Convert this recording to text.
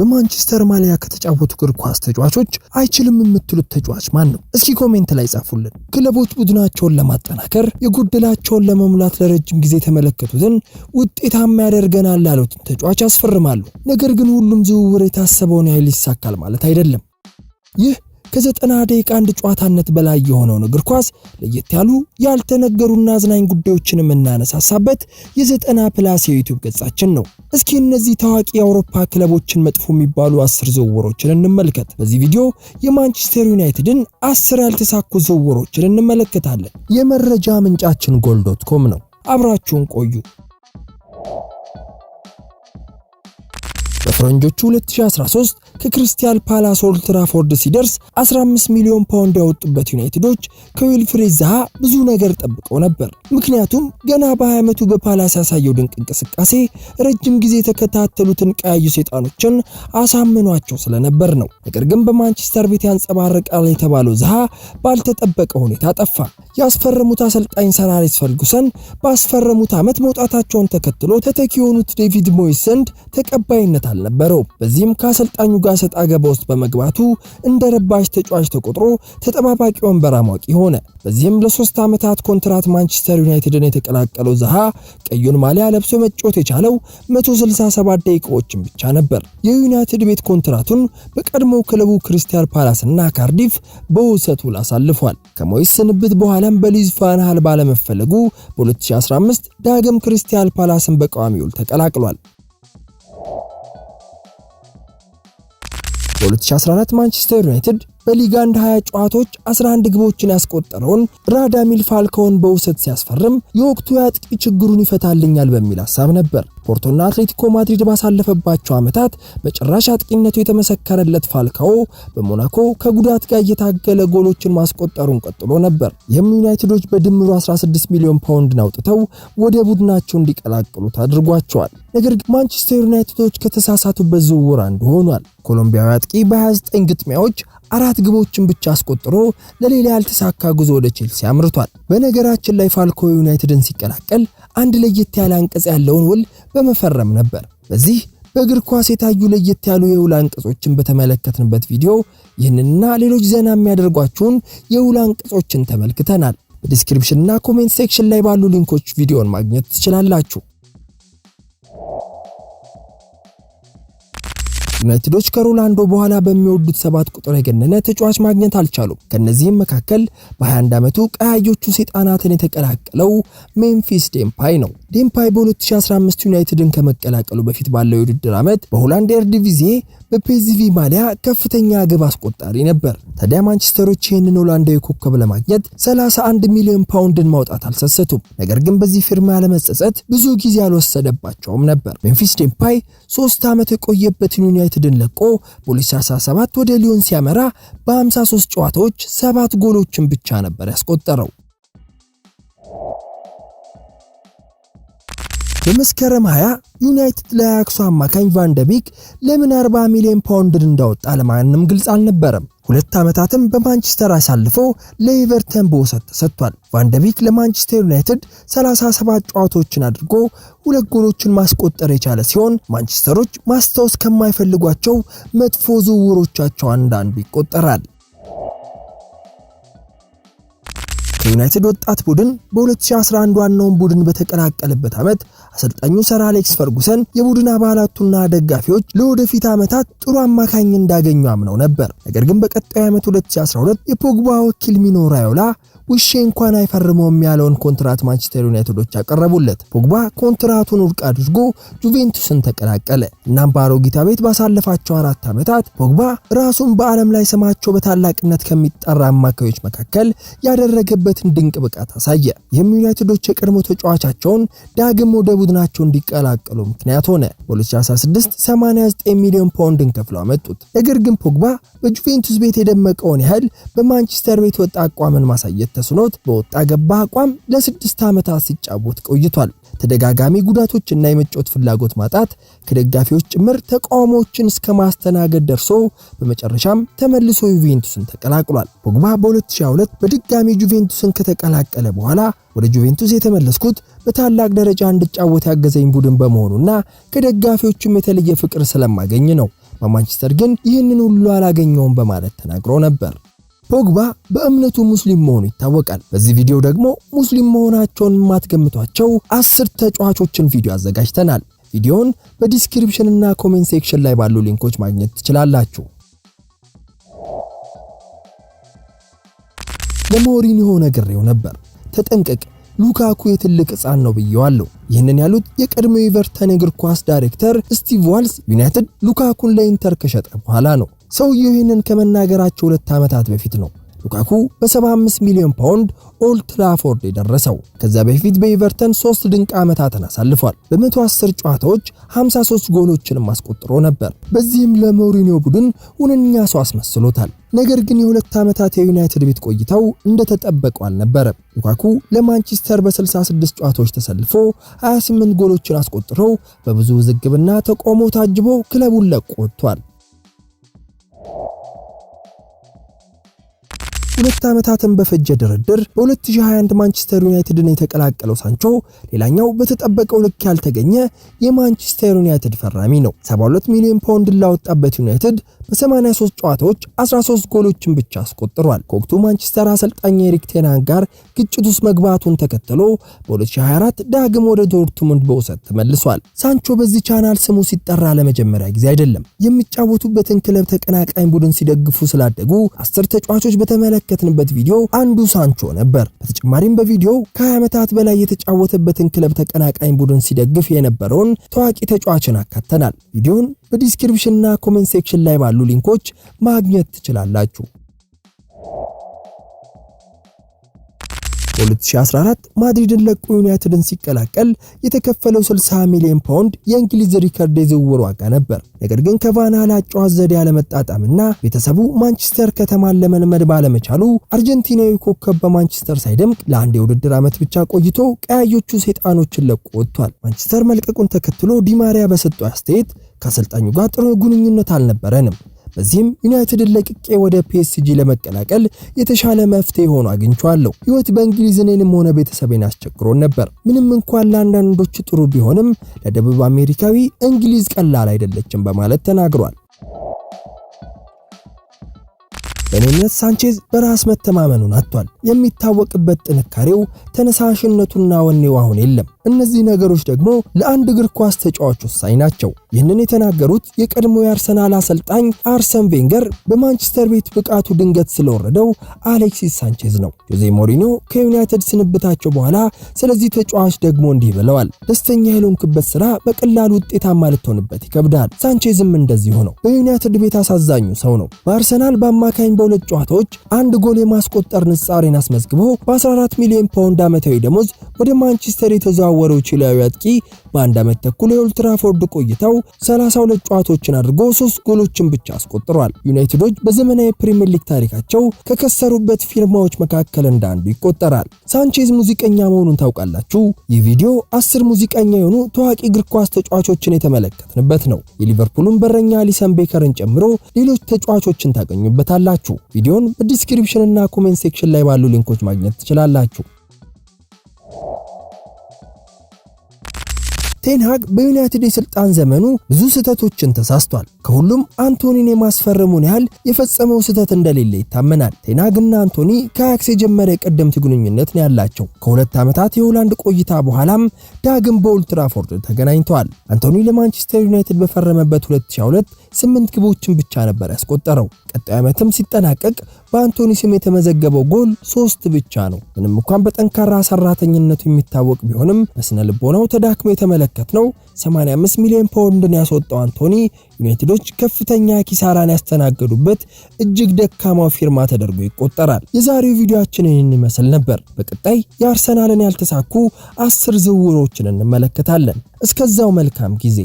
በማንቸስተር ማሊያ ከተጫወቱ እግር ኳስ ተጫዋቾች አይችልም የምትሉት ተጫዋች ማን ነው? እስኪ ኮሜንት ላይ ጻፉልን። ክለቦች ቡድናቸውን ለማጠናከር የጎደላቸውን ለመሙላት ለረጅም ጊዜ የተመለከቱትን ውጤታማ ያደርገናል ላሉትን ተጫዋች ያስፈርማሉ። ነገር ግን ሁሉም ዝውውር የታሰበውን ያህል ይሳካል ማለት አይደለም። ይህ ከዘጠና ደቂቃ አንድ ጨዋታነት በላይ የሆነውን እግር ኳስ ለየት ያሉ ያልተነገሩና አዝናኝ ጉዳዮችን የምናነሳሳበት የዘጠና ፕላስ የዩቲዩብ ገጻችን ነው። እስኪ እነዚህ ታዋቂ የአውሮፓ ክለቦችን መጥፎ የሚባሉ አስር ዝውውሮችን እንመልከት። በዚህ ቪዲዮ የማንቸስተር ዩናይትድን አስር ያልተሳኩ ዝውውሮችን እንመለከታለን። የመረጃ ምንጫችን ጎል ዶት ኮም ነው። አብራችሁን ቆዩ። በፈረንጆቹ 2013 ከክሪስታል ፓላስ ኦልድ ትራፎርድ ሲደርስ 15 ሚሊዮን ፓውንድ ያወጡበት ዩናይትዶች ከዊልፍሬድ ዛሃ ብዙ ነገር ጠብቀው ነበር። ምክንያቱም ገና በ20 ዓመቱ በፓላስ ያሳየው ድንቅ እንቅስቃሴ ረጅም ጊዜ የተከታተሉትን ቀያዩ ሰይጣኖችን አሳምኗቸው ስለነበር ነው። ነገር ግን በማንቸስተር ቤት ያንጸባርቃል የተባለው ዛሃ ባልተጠበቀ ሁኔታ ጠፋ። ያስፈረሙት አሰልጣኝ ሰር አሌክስ ፈርጉሰን ባስፈረሙት ዓመት መውጣታቸውን ተከትሎ ተተኪ የሆኑት ዴቪድ ሞይስ ዘንድ ተቀባይነት አለ ነበረው። በዚህም ከአሰልጣኙ ጋር ሰጣ አገባ ውስጥ በመግባቱ እንደ ረባሽ ተጫዋች ተቆጥሮ ተጠባባቂ ወንበር አሟቂ ሆነ። በዚህም ለሶስት ዓመታት ኮንትራት ማንቸስተር ዩናይትድን የተቀላቀለው ዛሃ ቀዩን ማሊያ ለብሶ መጫወት የቻለው 167 ደቂቃዎችን ብቻ ነበር። የዩናይትድ ቤት ኮንትራቱን በቀድሞ ክለቡ ክሪስታል ፓላስ እና ካርዲፍ በውሰት ውል አሳልፏል። ከሞይስ ስንብት በኋላም በሊዝ ቫን ሃል ባለመፈለጉ በ2015 ዳግም ክሪስታል ፓላስን በቋሚ ውል ተቀላቅሏል። በ2014 ማንቸስተር ዩናይትድ በሊጋ አንድ 20 ጨዋታዎች 11 ግቦችን ያስቆጠረውን ራዳሚል ፋልካኦን በውሰት ሲያስፈርም የወቅቱ የአጥቂ ችግሩን ይፈታልኛል በሚል ሀሳብ ነበር። ፖርቶና አትሌቲኮ ማድሪድ ባሳለፈባቸው ዓመታት በጭራሽ አጥቂነቱ የተመሰከረለት ፋልካኦ በሞናኮ ከጉዳት ጋር እየታገለ ጎሎችን ማስቆጠሩን ቀጥሎ ነበር። ይህም ዩናይትዶች በድምሩ 16 ሚሊዮን ፓውንድን አውጥተው ወደ ቡድናቸው እንዲቀላቅሉት አድርጓቸዋል። ነገር ግን ማንቸስተር ዩናይትዶች ከተሳሳቱበት ዝውውር አንዱ ሆኗል። ኮሎምቢያዊ አጥቂ በ29 ግጥሚያዎች አራት ግቦችን ብቻ አስቆጥሮ ለሌላ ያልተሳካ ጉዞ ወደ ቼልሲ አምርቷል። በነገራችን ላይ ፋልኮ ዩናይትድን ሲቀላቀል አንድ ለየት ያለ አንቀጽ ያለውን ውል በመፈረም ነበር። በዚህ በእግር ኳስ የታዩ ለየት ያሉ የውል አንቀጾችን በተመለከትንበት ቪዲዮ ይህንና ሌሎች ዘና የሚያደርጓችሁን የውል አንቀጾችን ተመልክተናል። በዲስክሪፕሽንና ኮሜንት ሴክሽን ላይ ባሉ ሊንኮች ቪዲዮን ማግኘት ትችላላችሁ። ዩናይትዶች ከሮናልዶ በኋላ በሚወዱት ሰባት ቁጥር የገነነ ተጫዋች ማግኘት አልቻሉም። ከነዚህም መካከል በ21 ዓመቱ ቀያዮቹ ሰይጣናትን የተቀላቀለው ሜምፊስ ዴምፓይ ነው። ዴምፓይ በ2015 ዩናይትድን ከመቀላቀሉ በፊት ባለው የውድድር ዓመት በሆላንድ ኤርዲቪዜ በፔዚቪ ማሊያ ከፍተኛ ግብ አስቆጣሪ ነበር። ታዲያ ማንቸስተሮች ይህንን ሆላንዳዊ ኮከብ ለማግኘት 31 ሚሊዮን ፓውንድን ማውጣት አልሰሰቱም። ነገር ግን በዚህ ፊርማ ያለመጸጸት ብዙ ጊዜ አልወሰደባቸውም ነበር። ሜምፊስ ዴምፓይ ሶስት ዓመት የቆየበትን ዩናይትድን ለቆ ፖሊስ 17 ወደ ሊዮን ሲያመራ በ53 ጨዋታዎች ሰባት ጎሎችን ብቻ ነበር ያስቆጠረው። በመስከረም 20 ዩናይትድ ለአያክሱ አማካኝ ቫንደቢክ ለምን 40 ሚሊዮን ፓውንድ እንዳወጣ ለማንም ግልጽ አልነበረም። ሁለት ዓመታትም በማንቸስተር አሳልፎ ለኤቨርተን በውሰት ተሰጥቷል። ቫንደቢክ ለማንቸስተር ዩናይትድ 37 ጨዋታዎችን አድርጎ ሁለት ጎሎችን ማስቆጠር የቻለ ሲሆን ማንቸስተሮች ማስታወስ ከማይፈልጓቸው መጥፎ ዝውውሮቻቸው አንዳንዱ ይቆጠራል። ከዩናይትድ ወጣት ቡድን በ2011 ዋናውን ቡድን በተቀላቀለበት ዓመት አሰልጣኙ ሰር አሌክስ ፈርጉሰን የቡድን አባላቱና ደጋፊዎች ለወደፊት ዓመታት ጥሩ አማካኝ እንዳገኙ አምነው ነበር። ነገር ግን በቀጣዩ ዓመት 2012 የፖግባ ወኪል ሚኖ ራዮላ ውሼ እንኳን አይፈርመውም ያለውን ኮንትራት ማንቸስተር ዩናይትዶች አቀረቡለት። ፖግባ ኮንትራቱን ውድቅ አድርጎ ጁቬንቱስን ተቀላቀለ። እናም በአሮጊታ ቤት ባሳለፋቸው አራት ዓመታት ፖግባ ራሱን በዓለም ላይ ስማቸው በታላቅነት ከሚጠራ አማካዮች መካከል ያደረገበትን ድንቅ ብቃት አሳየ። ይህም ዩናይትዶች የቀድሞ ተጫዋቻቸውን ዳግም ወደ ቡድናቸው እንዲቀላቀሉ ምክንያት ሆነ። በ2016 89 ሚሊዮን ፓውንድን ከፍለው አመጡት። ነገር ግን ፖግባ በጁቬንቱስ ቤት የደመቀውን ያህል በማንቸስተር ቤት ወጣ አቋምን ማሳየት ተስኖት በወጣ ገባ አቋም ለስድስት ዓመታት ሲጫወት ቆይቷል። ተደጋጋሚ ጉዳቶችና የመጫወት ፍላጎት ማጣት ከደጋፊዎች ጭምር ተቃውሞዎችን እስከ ማስተናገድ ደርሶ በመጨረሻም ተመልሶ ዩቬንቱስን ተቀላቅሏል። ፖግባ በ2002 በድጋሚ ጁቬንቱስን ከተቀላቀለ በኋላ ወደ ጁቬንቱስ የተመለስኩት በታላቅ ደረጃ እንድጫወት ያገዘኝ ቡድን በመሆኑና ከደጋፊዎችም የተለየ ፍቅር ስለማገኝ ነው። በማንቸስተር ግን ይህንን ሁሉ አላገኘውም በማለት ተናግሮ ነበር። ፖግባ በእምነቱ ሙስሊም መሆኑ ይታወቃል። በዚህ ቪዲዮ ደግሞ ሙስሊም መሆናቸውን የማትገምቷቸው አስር ተጫዋቾችን ቪዲዮ አዘጋጅተናል። ቪዲዮውን በዲስክሪፕሽን እና ኮሜንት ሴክሽን ላይ ባሉ ሊንኮች ማግኘት ትችላላችሁ። ለሞሪኒሆ ነግሬው ነበር፣ ተጠንቀቅ ሉካኩ የትልቅ ህፃን ነው ብየዋለሁ። ይህንን ያሉት የቀድሞ ኤቨርተን እግር ኳስ ዳይሬክተር ስቲቭ ዋልስ ዩናይትድ ሉካኩን ለኢንተር ከሸጠ በኋላ ነው። ሰውየው ይህንን ከመናገራቸው ሁለት ዓመታት በፊት ነው። ሉካኩ በ75 ሚሊዮን ፓውንድ ኦልድ ትራፎርድ የደረሰው ከዚያ በፊት በኤቨርተን ሶስት ድንቅ ዓመታትን አሳልፏል። በ110 ጨዋታዎች 53 ጎሎችንም አስቆጥሮ ነበር። በዚህም ለሞሪኒዮ ቡድን ሁነኛ ሰው አስመስሎታል። ነገር ግን የሁለት ዓመታት የዩናይትድ ቤት ቆይታው እንደተጠበቀው አልነበረም። ሉካኩ ለማንቸስተር በ66 ጨዋታዎች ተሰልፎ 28 ጎሎችን አስቆጥሮ በብዙ ውዝግብና ተቃውሞ ታጅቦ ክለቡን ለቆ ወጥቷል። ሁለት ዓመታትን በፈጀ ድርድር በ2021 ማንቸስተር ዩናይትድን የተቀላቀለው ሳንቾ ሌላኛው በተጠበቀው ልክ ያልተገኘ የማንቸስተር ዩናይትድ ፈራሚ ነው። 72 ሚሊዮን ፓውንድ ላወጣበት ዩናይትድ በ83 ጨዋታዎች 13 ጎሎችን ብቻ አስቆጥሯል። ከወቅቱ ማንቸስተር አሰልጣኝ ኤሪክ ቴናን ጋር ግጭት ውስጥ መግባቱን ተከትሎ በ2024 ዳግም ወደ ዶርትሙንድ በውሰት ተመልሷል። ሳንቾ በዚህ ቻናል ስሙ ሲጠራ ለመጀመሪያ ጊዜ አይደለም። የሚጫወቱበትን ክለብ ተቀናቃኝ ቡድን ሲደግፉ ስላደጉ አስር ተጫዋቾች በተመለከ የተመለከትንበት ቪዲዮ አንዱ ሳንቾ ነበር። በተጨማሪም በቪዲዮው ከ20 ዓመታት በላይ የተጫወተበትን ክለብ ተቀናቃኝ ቡድን ሲደግፍ የነበረውን ታዋቂ ተጫዋችን አካተናል። ቪዲዮን በዲስክሪፕሽንና ኮሜንት ሴክሽን ላይ ባሉ ሊንኮች ማግኘት ትችላላችሁ። በ2014 ማድሪድን ለቆ ዩናይትድን ሲቀላቀል የተከፈለው 60 ሚሊዮን ፓውንድ የእንግሊዝ ሪከርድ የዝውውር ዋጋ ነበር። ነገር ግን ከቫን አጨዋወት ዘዴ አለመጣጣምና ቤተሰቡ ማንቸስተር ከተማን ለመልመድ ባለመቻሉ አርጀንቲናዊ ኮከብ በማንቸስተር ሳይደምቅ ለአንድ የውድድር ዓመት ብቻ ቆይቶ ቀያዮቹ ሰይጣኖችን ለቆ ወጥቷል። ማንቸስተር መልቀቁን ተከትሎ ዲማሪያ በሰጠው አስተያየት ከአሰልጣኙ ጋር ጥሩ ግንኙነት አልነበረንም በዚህም ዩናይትድን ለቅቄ ወደ ፒኤስጂ ለመቀላቀል የተሻለ መፍትሄ ሆኖ አግኝቼዋለሁ። ህይወት በእንግሊዝ እኔንም ሆነ ቤተሰቤን አስቸግሮን ነበር። ምንም እንኳን ለአንዳንዶች ጥሩ ቢሆንም ለደቡብ አሜሪካዊ እንግሊዝ ቀላል አይደለችም በማለት ተናግሯል። በሌነት ሳንቼዝ በራስ መተማመኑን አጥቷል። የሚታወቅበት ጥንካሬው ተነሳሽነቱና ወኔው አሁን የለም። እነዚህ ነገሮች ደግሞ ለአንድ እግር ኳስ ተጫዋች ወሳኝ ናቸው። ይህንን የተናገሩት የቀድሞ የአርሰናል አሰልጣኝ አርሰን ቬንገር በማንቸስተር ቤት ብቃቱ ድንገት ስለወረደው አሌክሲስ ሳንቼዝ ነው። ጆዜ ሞሪኖ ከዩናይትድ ስንብታቸው በኋላ ስለዚህ ተጫዋች ደግሞ እንዲህ ብለዋል። ደስተኛ ያልሆንክበት ስራ በቀላሉ ውጤታማ ልትሆንበት ይከብዳል። ሳንቼዝም እንደዚሁ ነው። በዩናይትድ ቤት አሳዛኙ ሰው ነው። በአርሰናል በአማካኝ በሁለት ጨዋታዎች አንድ ጎል የማስቆጠር ንጻሬን አስመዝግቦ በ14 ሚሊዮን ፓውንድ ዓመታዊ ደሞዝ ወደ ማንቸስተር የተዘዋወረው ቺላዊ አጥቂ በአንድ ዓመት ተኩል የኦልትራፎርድ ቆይታው 32 ጨዋታዎችን አድርጎ ሶስት ጎሎችን ብቻ አስቆጥሯል። ዩናይትዶች በዘመናዊ ፕሪምየር ሊግ ታሪካቸው ከከሰሩበት ፊርማዎች መካከል እንደ አንዱ ይቆጠራል። ሳንቼዝ ሙዚቀኛ መሆኑን ታውቃላችሁ? ይህ ቪዲዮ አስር ሙዚቀኛ የሆኑ ታዋቂ እግር ኳስ ተጫዋቾችን የተመለከትንበት ነው። የሊቨርፑልን በረኛ አሊሰን ቤከርን ጨምሮ ሌሎች ተጫዋቾችን ታገኙበታላችሁ። ቪዲዮን በዲስክሪፕሽንና ኮሜንት ሴክሽን ላይ ባሉ ሊንኮች ማግኘት ትችላላችሁ። ቴንሃግ በዩናይትድ የስልጣን ዘመኑ ብዙ ስህተቶችን ተሳስቷል። ከሁሉም አንቶኒን የማስፈረሙን ያህል የፈጸመው ስህተት እንደሌለ ይታመናል። ቴናግና አንቶኒ ከአያክስ የጀመረ የቀደምት ግንኙነት ነው ያላቸው። ከሁለት ዓመታት የሆላንድ ቆይታ በኋላም ዳግም በኦልትራፎርድ ተገናኝተዋል። አንቶኒ ለማንቸስተር ዩናይትድ በፈረመበት 2002 ስምንት ግቦችን ብቻ ነበር ያስቆጠረው። ቀጣዩ ዓመትም ሲጠናቀቅ በአንቶኒ ስም የተመዘገበው ጎል ሶስት ብቻ ነው። ምንም እንኳን በጠንካራ ሰራተኝነቱ የሚታወቅ ቢሆንም በስነ ልቦናው ተዳክሞ የተመለከት ነው 85 ሚሊዮን ፓውንድን ያስወጣው አንቶኒ ዩናይትዶች ከፍተኛ ኪሳራን ያስተናገዱበት እጅግ ደካማው ፊርማ ተደርጎ ይቆጠራል። የዛሬው ቪዲዮአችን ይህን ይመስል ነበር። በቀጣይ የአርሰናልን ያልተሳኩ አስር ዝውውሮችን እንመለከታለን። እስከዛው መልካም ጊዜ